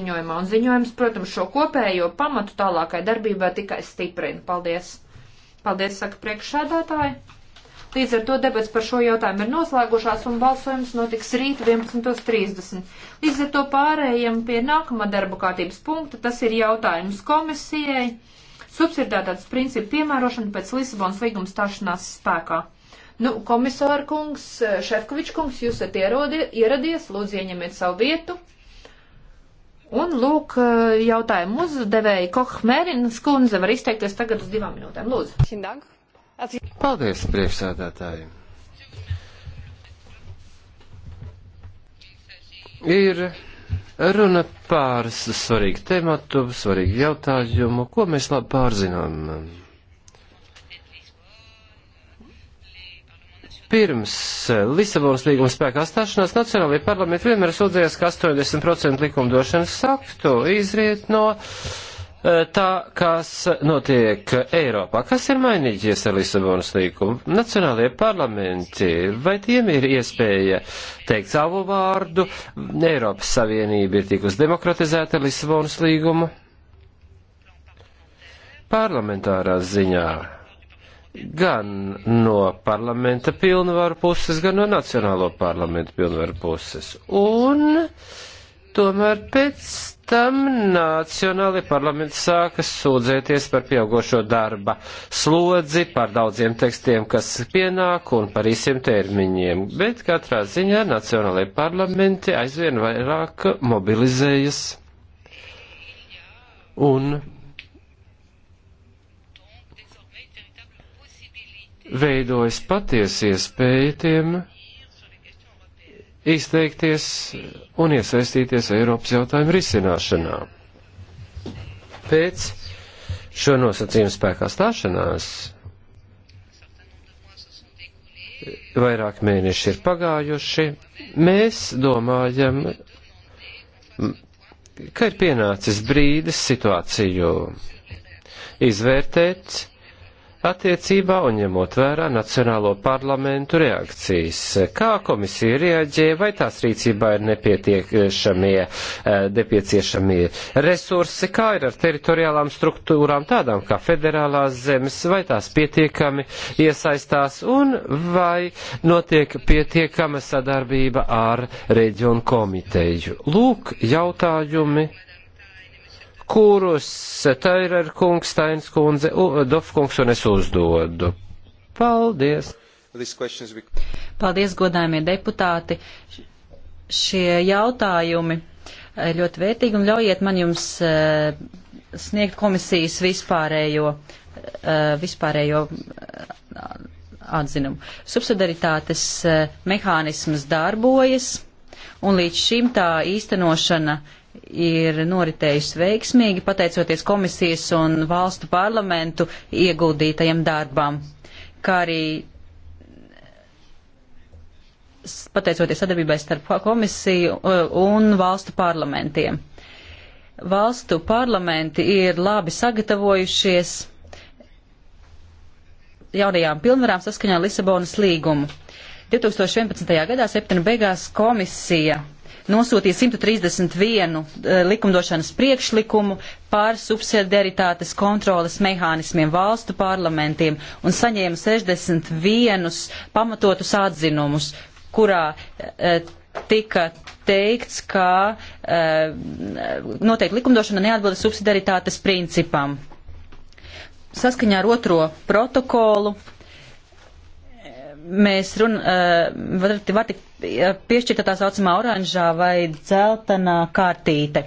ziņojumā, un ziņojums, protams, šo kopējo pamatu tālākai darbībai tikai stiprina. Paldies! Paldies, saka priekšsēdētāji! Līdz ar to debats par šo jautājumu ir noslēgušās, un balsojums notiks rīt 11.30. Līdz ar to pārējiem pie nākamā darba kārtības punkta, tas ir jautājums komisijai. Subsidētātas principu piemērošana pēc Lisabonas līguma stāšanās spēkā. Nu, komisāra kungs, Šefkovičs kungs, jūs esat ieradies, lūdzu ieņemiet savu vietu. Un, lūk, eh, jautājumu uzdevēja Kohmērina skundze var izteikties tagad uz divām minūtēm. Lūdzu. Paldies, priekšsēdētāji. Ir runa par svarīgu tematu, svarīgu jautājumu, ko mēs labi pārzinām pirms eh, Lisabonas līguma spēkā stāšanās Nacionālajie parlamenti vienmēr sūdzējās, ka 80% likumdošanas aktu izriet no eh, tā, kas notiek Eiropā. Kas ir mainījies ar Lisabonas līgumu? Nacionālajie parlamenti, vai tiem ir iespēja teikt savu vārdu? Eiropas Savienība ir tikus demokratizēta ar Lisabonas līgumu. Parlamentārā ziņā gan no parlamenta pilnvaru puses, gan no nacionālo parlamentu pilnvaru puses. Un tomēr pēc tam nacionāli parlamenti sāka sūdzēties par pieaugošo darba slodzi, par daudziem tekstiem, kas pienāk un par īsiem termiņiem. Bet katrā ziņā nacionālai parlamenti aizvien vairāk mobilizējas. Un veidojas patiesi iespēja tiem izteikties un iesaistīties Eiropas jautājumu risināšanā. Pēc šo nosacījumu spēkā stāšanās vairāk mēneši ir pagājuši, mēs domājam, ka ir pienācis brīdis situāciju izvērtēt, attiecībā un ņemot vērā Nacionālo parlamentu reakcijas. Kā komisija reaģē, vai tās rīcībā ir nepietiekšamie, eh, nepieciešamie resursi, kā ir ar teritoriālām struktūrām, tādām kā federālās zemes, vai tās pietiekami iesaistās un vai notiek pietiekama sadarbība ar reģionu komiteju. Lūk, jautājumi kurus Tairer kungs, Tains kundze, Dof kungs un es uzdodu. Paldies! Paldies, godājumie deputāti! Šie jautājumi eh, ļoti vērtīgi un ļaujiet man jums eh, sniegt komisijas vispārējo, eh, vispārējo atzinumu. Subsidaritātes mehānisms darbojas un līdz šim tā īstenošana ir noritējusi veiksmīgi, pateicoties komisijas un valstu parlamentu ieguldītajam darbam, kā arī pateicoties sadarbībai starp komisiju e, un valstu parlamentiem. Valstu parlamenti ir labi sagatavojušies jaunajām pilnvarām saskaņā Lisabonas līgumu. 2011. gadā septembra beigās komisija nosūtīja 131 eh, likumdošanas priekšlikumu par subsidiaritātes kontroles mehānismiem valstu parlamentiem un saņēma 61 pamatotus atzinumus, kurā eh, tika teikts, ka eh, noteikti likumdošana neatbilda subsidiaritātes principam. Saskaņā ar otro protokolu mēs run, var, eh, var tik eh, piešķirta tā saucamā oranžā vai dzeltenā kārtīte.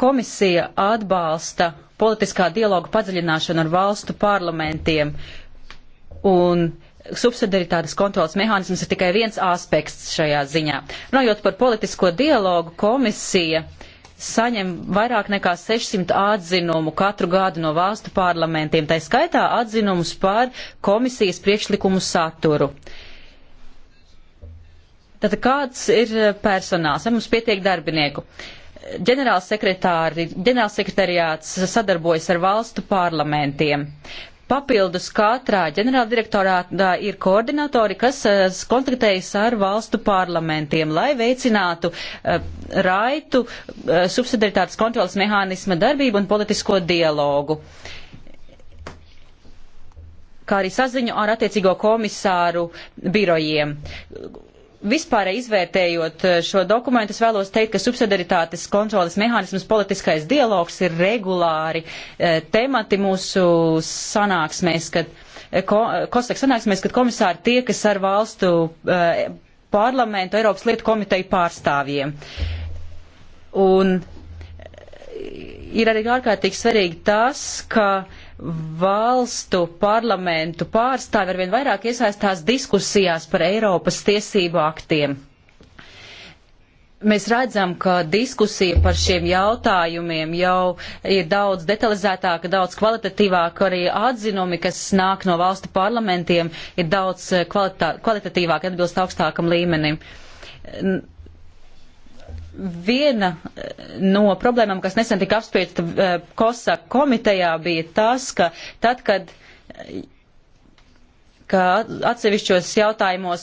Komisija atbalsta politiskā dialoga padziļināšanu ar valstu parlamentiem un subsidiaritātes kontrolas mehānisms ir tikai viens aspekts šajā ziņā. Runājot par politisko dialogu, komisija uh, saņem vairāk nekā 600 atzinumu katru gadu no valstu parlamentiem, tā skaitā atzinumus par komisijas priekšlikumu saturu. Tad kāds ir personāls? Vai mums pietiek darbinieku? Ģenerālsekretariāts sadarbojas ar valstu parlamentiem. Papildus katrā ģenerāldirektorātā ir koordinatori, kas eh, kontaktējas ar valstu parlamentiem, lai veicinātu eh, raitu eh, subsidiaritātes kontrolas mehānisma darbību un politisko dialogu kā arī saziņu ar attiecīgo komisāru birojiem vispār izvērtējot eh, šo dokumentu, es vēlos teikt, ka subsidiaritātes kontrolas mehānisms, politiskais dialogs ir regulāri eh, temati mūsu sanāksmēs, kad, eh, ko, kostek sanāksmēs, kad komisāri tiekas ar valstu parlamentu, Eiropas lietu komiteju pārstāvjiem. Un ir arī ārkārtīgi svarīgi tas, ka uh, valstu parlamentu pārstāvi arvien vairāk iesaistās diskusijās par Eiropas tiesību aktiem. Mēs redzam, ka diskusija par šiem jautājumiem jau ir daudz detalizētāka, daudz kvalitatīvāka, arī atzinumi, kas nāk no valstu parlamentiem, ir daudz kvalitatīvāk, atbilst augstākam līmenim viena eh, no problēmām, kas nesen tika apspriesta eh, Kosa komitejā, bija tas, ka tad, kad eh, ka atsevišķos jautājumos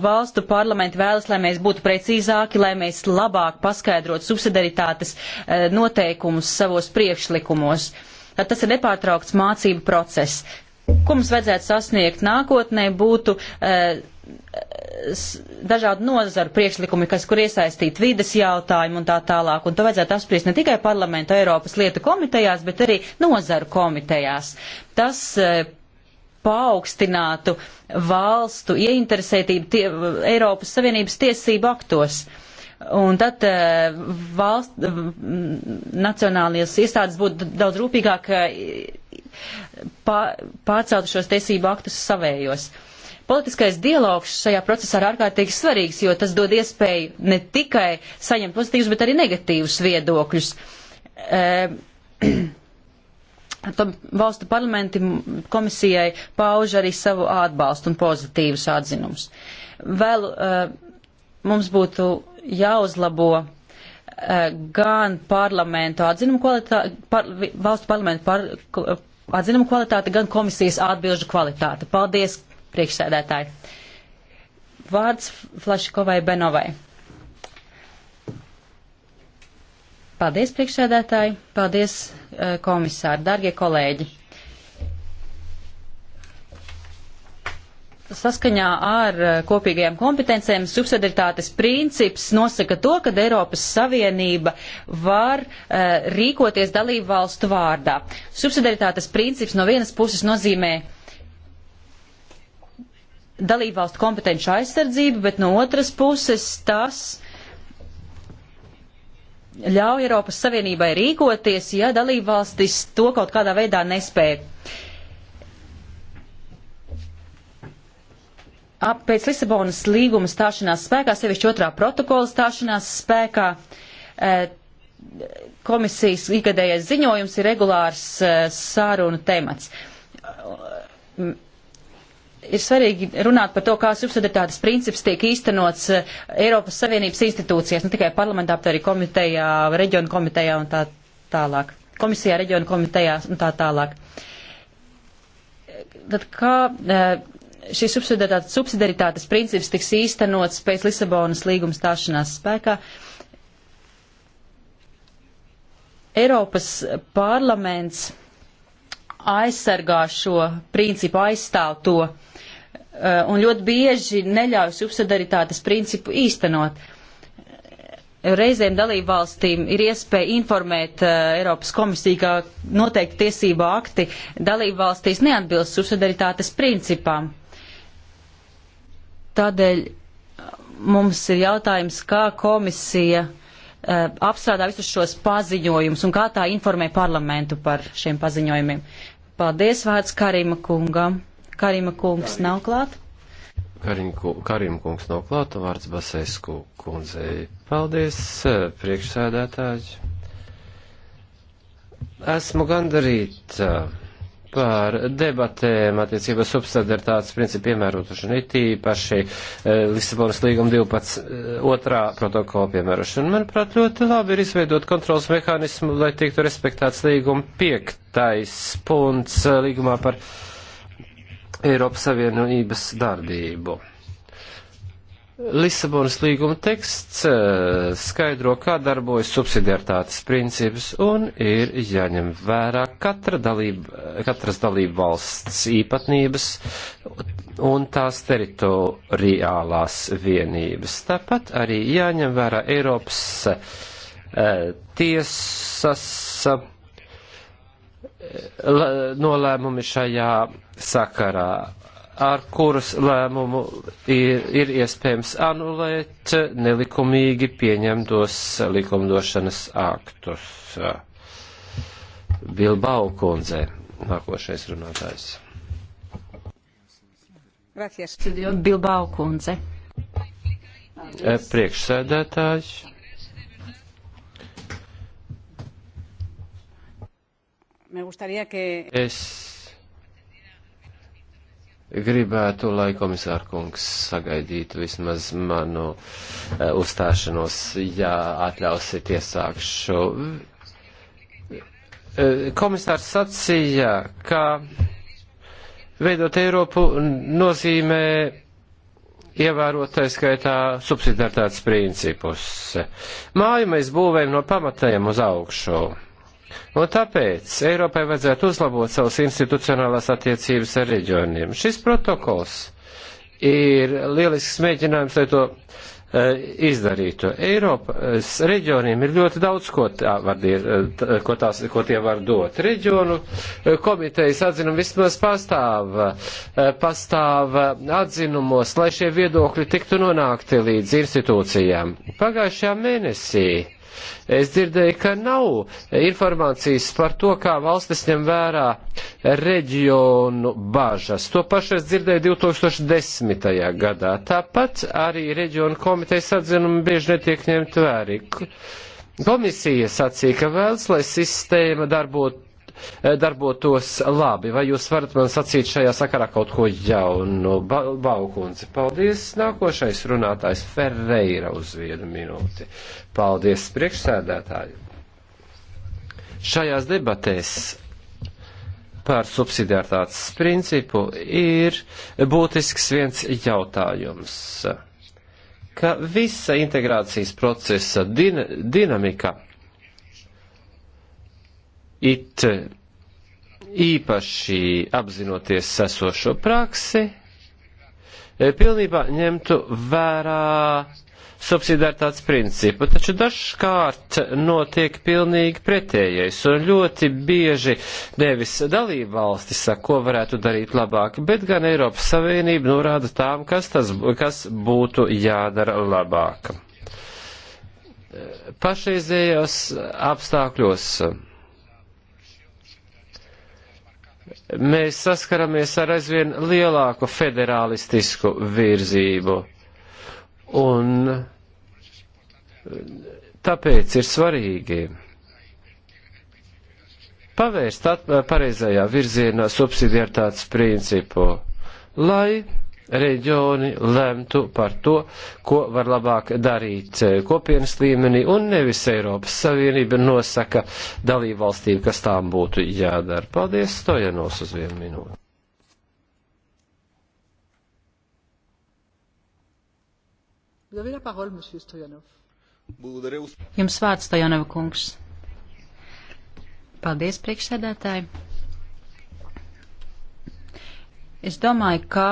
valstu parlamenti vēlas, lai mēs būtu precīzāki, lai mēs labāk paskaidrotu subsidiaritātes noteikumus savos priekšlikumos. Tad tas ir nepārtraukts mācību process. Ko mums vajadzētu sasniegt nākotnē, būtu uh, dažādu nozaru priekšlikumi, kas, kur iesaistīt vides jautājumu un tā tālāk. Un to vajadzētu apspriest ne tikai parlamentu Eiropas lietu komitejās, bet arī nozaru komitejās. Tas e, paaugstinātu valstu ieinteresētību tie, Eiropas Savienības tiesību aktos. Un tad e, valsts, nacionālajās iestādes būtu daudz rūpīgāk e, pārcelt šos tiesību aktus savējos. Uh, Politiskais dialogs šajā procesā ir ārkārtīgi svarīgs, jo tas dod iespēju ne tikai saņemt pozitīvus, bet arī negatīvus viedokļus. Ehm, valstu parlamenti komisijai pauž arī savu atbalstu un pozitīvus atzinumus. Vēl ehm, mums būtu jāuzlabo ehm, gan parlamentu atzinumu kvalitāti, par, valstu parlamentu par, atzinumu kvalitāti, gan komisijas atbilžu kvalitāti. Paldies priekšsēdētāji. Vārds Flašikovai Benovai. Paldies, priekšsēdētāji, paldies, eh, komisāri, dargie kolēģi. Saskaņā ar eh, kopīgajām kompetencēm subsidiaritātes princips nosaka to, ka Eiropas Savienība var uh, rīkoties dalību valstu vārdā. Subsidiaritātes princips no vienas puses nozīmē dalībvalstu kompetenci aizsardzību, bet no otras puses tas ļauj Eiropas Savienībai rīkoties, ja dalībvalstis to kaut kādā veidā nespēja. Pēc Lisabonas līguma stāšanās spēkā, sevišķi otrā protokola stāšanās spēkā, eh, komisijas ikgadējais ziņojums ir regulārs eh, sārunu temats ir svarīgi runāt par to, kā subsidiaritātes princips tiek īstenots eh, Eiropas Savienības institūcijās, ne tikai parlamentā, bet arī komitejā, reģionu komitejā un tā tālāk. Komisijā, reģionu komitejā un tā tālāk. Tad kā eh, šis subsidiaritātes, subsidiaritātes princips tiks īstenots pēc Lisabonas līguma stāšanās spēkā? Eiropas parlaments aizsargā šo principu, aizstāv to. Eh, un ļoti bieži neļauj subsidaritātes principu īstenot. Reizēm dalībvalstīm ir iespēja informēt uh, Eiropas komisiju, ka noteikti tiesību akti dalībvalstīs neatbilst subsidaritātes principām. Tādēļ eh, mums ir jautājums, kā komisija uh, apstrādā visus šos paziņojumus un kā tā informē parlamentu par šiem paziņojumiem. Paldies vārds Karima kungam. Karima kungs nav klāt. Karima kungs nav klāt, vārds Basesku kundzei. Paldies, eh, priekšsēdētāji. Esmu gandarīta eh, par debatēm attiecībā subsidiaritātes principu piemērošanu, it īpaši eh, Lisabonas līguma 12. otrā protokola piemērošanu. Manuprāt, ļoti labi ir izveidot kontrols mehānismu, lai tiktu respektēts līguma piektais punkts līgumā par Eiropas Savienības darbību. Lisabonas līguma teksts eh, skaidro, kā darbojas subsidiartātes princips un ir jāņem vērā katra dalība, katras dalība valsts īpatnības un tās teritoriālās vienības. Tāpat arī jāņem vērā Eiropas eh, tiesas nolēmumi šajā sakarā, ar kuras lēmumu ir, ir iespējams anulēt nelikumīgi pieņemtos likumdošanas aktus. Bilbao kundze, nākošais runātājs. Bilbao kundze. Priekšsēdētājs. Me gustaría que... Es gribētu, lai komisāra kungs sagaidītu vismaz manu uh, uzstāšanos, ja atļausiet iesākšu. Uh, komisārs sacīja, ka veidot Eiropu nozīmē ievērot tā skaitā subsidiartātes principus. Māju mēs būvējam no pamatējiem uz augšu. Un tāpēc Eiropai vajadzētu uzlabot savas institucionālās attiecības ar reģioniem. Šis protokols ir lielisks mēģinājums, lai to eh, izdarītu. Eiropas reģioniem ir ļoti daudz, ko, tā var, eh, ko, tās, ko tie var dot. Reģionu eh, komitejas atzinumu vismaz pastāv, pastāv atzinumos, lai šie viedokļi tiktu nonākti līdz institūcijām. Pagājušajā mēnesī Es dzirdēju, ka nav informācijas par to, kā valstis ņem vērā reģionu bažas. To pašu es dzirdēju 2010. gadā. Tāpat arī reģionu komitejas atzinumi bieži netiek ņemt vērā. Komisija sacīja, ka vēlas, lai sistēma darbot, Eh, darbotos labi. Vai jūs varat man sacīt šajā sakarā kaut ko jaunu? Ba Baukundze, paldies. Nākošais runātājs Ferreira uz vienu minūti. Paldies priekšsēdētāji. Šajās debatēs par subsidiārtātes principu ir būtisks viens jautājums ka visa integrācijas procesa din dinamika it īpaši apzinoties esošo praksi, e, pilnībā ņemtu vērā subsidiaritātes principu, taču dažkārt notiek pilnīgi pretējais, un ļoti bieži nevis dalība valstis saka, ko varētu darīt labāk, bet gan Eiropas Savienība norāda tām, kas, tas, kas būtu jādara labāk. E, pašreizējos apstākļos mēs saskaramies ar aizvien lielāku federālistisku virzību. Un tāpēc ir svarīgi pavērst pareizajā virzienā subsidiartātes principu, lai reģioni lemtu par to, ko var labāk darīt eh, kopienas līmenī, un nevis Eiropas Savienība nosaka dalību valstīm, kas tām būtu jādara. Paldies, Stojanos uz vienu minūti. Jums vārds, Stojanova kungs. Paldies, priekšsēdētāji. Es domāju, ka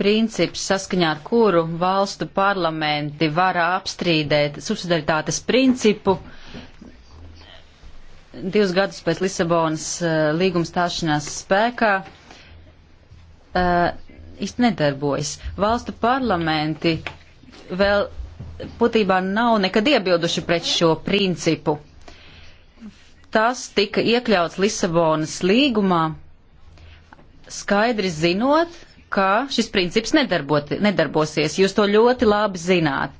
princips, saskaņā ar kuru valstu parlamenti var apstrīdēt subsidaritātes principu divus gadus pēc Lisabonas uh, līguma stāšanās spēkā. Uh, īsti nedarbojas. Valstu parlamenti vēl būtībā nav nekad iebilduši pret šo principu. Tas tika iekļauts Lisabonas līgumā, skaidri zinot, ka šis princips nedarbosies. Jūs to ļoti labi zināt.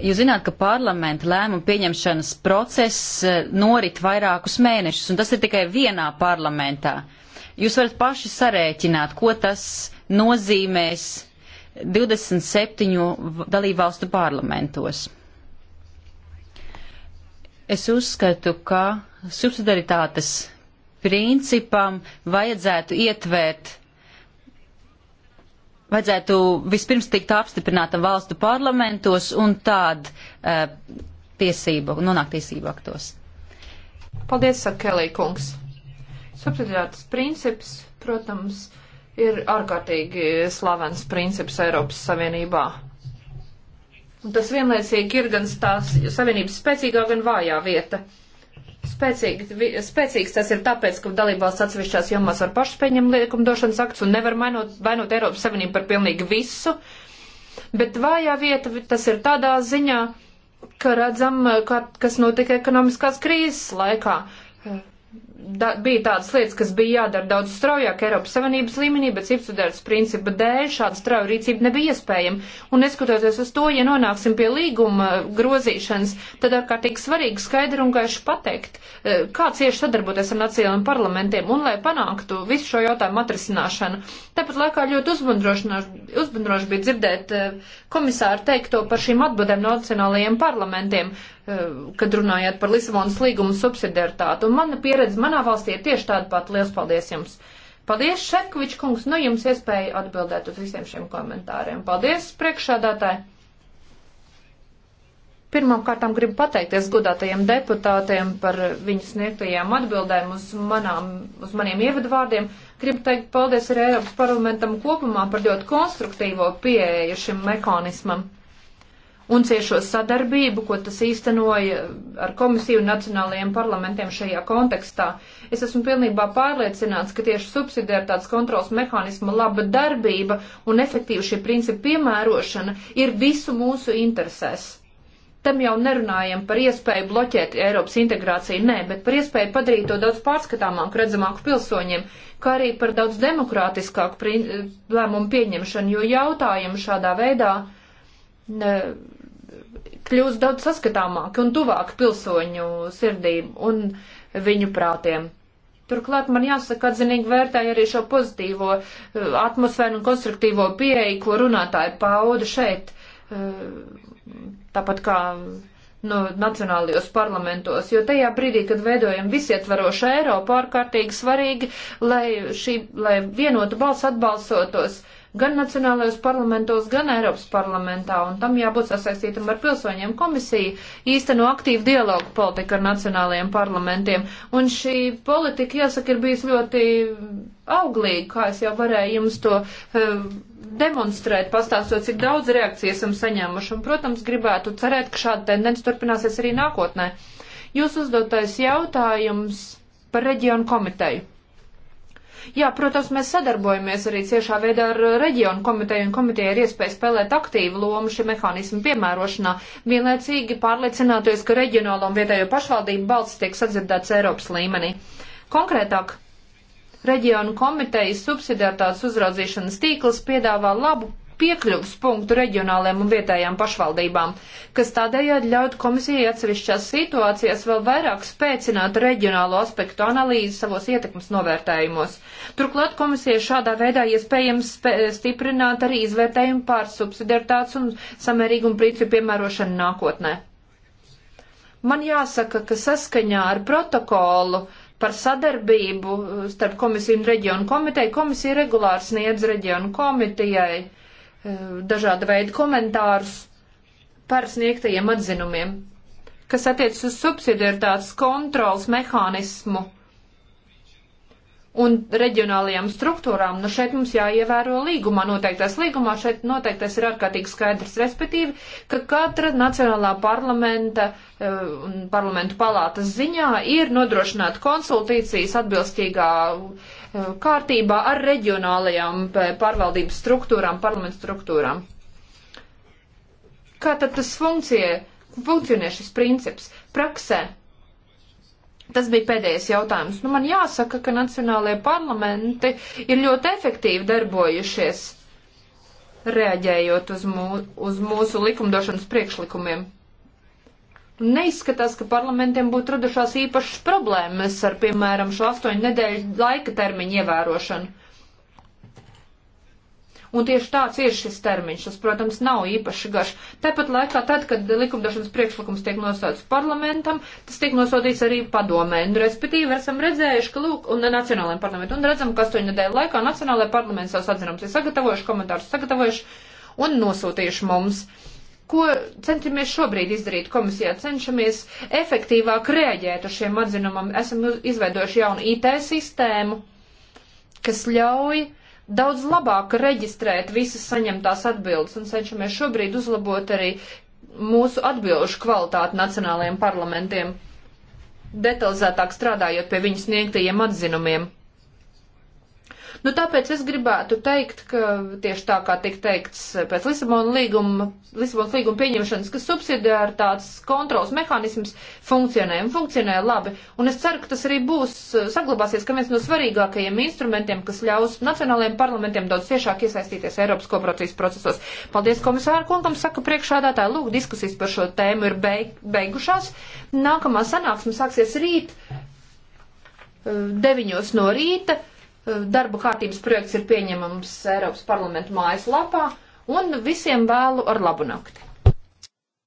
Jūs zināt, ka parlamenta lēmumu pieņemšanas process eh, norit vairākus mēnešus, un tas ir tikai vienā parlamentā. Jūs varat paši sarēķināt, ko tas nozīmēs 27 dalībvalstu parlamentos. Es uzskatu, ka subsidaritātes principam vajadzētu ietvērt vajadzētu vispirms tikt apstiprināta valstu parlamentos un tād uh, eh, tiesību, nonāk tiesību aktos. Paldies, Sakelī kungs. Subsidiātas princips, protams, ir ārkārtīgi slavens princips Eiropas Savienībā. Un tas vienlaicīgi ir gan tās Savienības spēcīgā, gan vājā vieta. Uh, Spēcīgi, spēcīgs tas ir tāpēc, ka dalībvalsts atsevišķās jomās var pašas pieņemt likumdošanas aktus un nevar mainot, vainot Eiropas Savienību par pilnīgi visu. Bet vājā vieta tas ir tādā ziņā, ka redzam, eh, ka, kas notika ekonomiskās krīzes laikā da, bija tādas lietas, kas bija jādara daudz straujāk Eiropas Savienības līmenī, bet subsidētas principa dēļ šāda strauja rīcība nebija iespējama. Un neskatoties uz to, ja nonāksim pie līguma eh, grozīšanas, tad ārkārtīgi svarīgi skaidri un gaiši pateikt, eh, kā cieši sadarboties ar nacionālajiem parlamentiem un lai panāktu visu šo jautājumu atrisināšanu. Tāpat laikā ļoti uzbundroši bija dzirdēt eh, komisāru teikto par šīm atbildēm nacionālajiem parlamentiem, kad runājāt par Lisabonas līgumu subsidiaritātu. Un mana pieredze, man manā valstī ir tieši tāda pat. Liels paldies jums! Paldies, Šefkovičs kungs, nu jums iespēja atbildēt uz visiem šiem komentāriem. Paldies, priekšādātāji! Pirmkārt, gribu pateikties godātajiem deputātiem par viņu sniegtajām atbildēm uz, manām, uz maniem ievadvārdiem. Gribu teikt paldies arī Eiropas parlamentam kopumā par ļoti konstruktīvo pieeju šim mekanismam un ciešo sadarbību, ko tas īstenoja ar komisiju un nacionālajiem parlamentiem šajā kontekstā. Es esmu pilnībā pārliecināts, ka tieši subsidiaritātes kontrols mehānisma laba darbība un efektīva šī principa piemērošana ir visu mūsu interesēs. Tam jau nerunājam par iespēju bloķēt Eiropas integrāciju, nē, bet par iespēju padarīt to daudz pārskatāmāku, redzamāku pilsoņiem, kā arī par daudz demokrātiskāku lēmumu pieņemšanu, jo jautājumu šādā veidā ne, kļūst daudz saskatāmāki un tuvāki pilsoņu sirdīm un viņu prātiem. Turklāt man jāsaka, atzinīgi vērtēja arī šo pozitīvo eh, atmosfēru un konstruktīvo pieeju, ko runātāji pauda šeit, eh, tāpat kā no nu, nacionālajos parlamentos, jo tajā brīdī, kad veidojam visietvarošu Eiropu, ārkārtīgi svarīgi, lai, šī, lai vienotu balsu atbalsotos uh, gan nacionālajos parlamentos, gan Eiropas parlamentā, un tam jābūt sasaistītam ar pilsoņiem. Komisija īsteno aktīvu dialogu politiku ar nacionālajiem parlamentiem, un šī politika, jāsaka, ir bijusi ļoti auglīga, kā es jau varēju jums to uh, demonstrēt, pastāstot, cik daudz reakciju esam saņēmuši, un, protams, gribētu cerēt, ka šāda tendence turpināsies arī nākotnē. Jūs uzdotais jautājums par reģionu komiteju. Jā, protams, mēs sadarbojamies arī ciešā veidā ar reģionu komiteju, un komiteja ir iespēja spēlēt aktīvu lomu šī mehānismu piemērošanā, vienlaicīgi pārliecināties, ka reģionālo un vietējo pašvaldību balsts tiek sadzirdēts Eiropas līmenī. Konkrētāk, reģionu komitejas subsidiartātes uzraudzīšanas tīkls piedāvā labu piekļuvas punktu reģionāliem un vietējām pašvaldībām, kas tādējādi ļaut komisijai atsevišķās situācijās vēl vairāk spēcināt reģionālo aspektu analīzi savos ietekmes novērtējumos. Turklāt komisija šādā veidā iespējams spē, stiprināt arī izvērtējumu pār subsidiaritātes un samērīgumu principu piemērošanu nākotnē. Man jāsaka, ka saskaņā ar protokolu par sadarbību starp komisiju un reģionu komiteju. Komisija regulāri sniedz reģionu komitejai Eh, dažāda veida komentārus par sniegtajiem atzinumiem, kas attiec uz subsidiaritātes kontrols mehānismu un reģionālajām struktūrām, nu šeit mums jāievēro līgumā noteiktais. Līgumā šeit noteiktais ir ārkārtīgi skaidrs, respektīvi, ka katra nacionālā parlamenta eh, un uh, parlamentu palātas ziņā ir nodrošināta konsultācijas atbilstīgā uh, kārtībā ar reģionālajām eh, pārvaldības struktūrām, parlamentu struktūrām. Kā tad tas funkcija, funkcionē šis princips praksē? Tas bija pēdējais jautājums. Nu, man jāsaka, ka nacionālajie parlamenti ir ļoti efektīvi darbojušies, reaģējot uz, mū, uz mūsu likumdošanas priekšlikumiem. Neizskatās, ka parlamentiem būtu radušās īpašas problēmas ar, piemēram, šo astoņu nedēļu laika termiņu ievērošanu. Un tieši tāds ir šis termiņš. Tas, protams, nav īpaši garš. Tāpat laikā, tad, kad likumdošanas priekšlikums tiek nosauts parlamentam, tas tiek nosodīts arī padomē. Un, respektīvi, esam redzējuši, ka, lūk, un nacionālajiem parlamentam, un redzam, ka astoņu nedēļu laikā nacionālajie parlamenti savus atzinums ir sagatavojuši, komentārus sagatavojuši un nosūtījuši mums ko centamies šobrīd izdarīt komisijā? Cenšamies efektīvāk reaģēt uz šiem atzinumam. Esam izveidojuši jaunu IT sistēmu, kas ļauj Daudz labāk reģistrēt visas saņemtās atbildes un cenšamies šobrīd uzlabot arī mūsu atbilžu kvalitāti nacionālajiem parlamentiem, detalizētāk strādājot pie viņu sniegtajiem atzinumiem. Nu, tāpēc es gribētu teikt, ka tieši tā kā tika teikts pēc Lisabona līguma, Lisabonas līguma pieņemšanas, ka subsidiārtāts kontrols mehānisms funkcionē un funkcionē labi. Un es ceru, ka tas arī būs, saglabāsies, ka viens no svarīgākajiem instrumentiem, kas ļaus nacionālajiem parlamentiem daudz ciešāk iesaistīties Eiropas kooperācijas procesos. Paldies komisāru kungam, saka priekšādātāji, lūk, diskusijas par šo tēmu ir beig beigušās. Nākamā sanāksme sāksies rīt. 9 eh, no rīta. Darba kārtības projekts ir pieņemams Eiropas parlamentu mājaslapā un visiem vēlu ar labu nakti.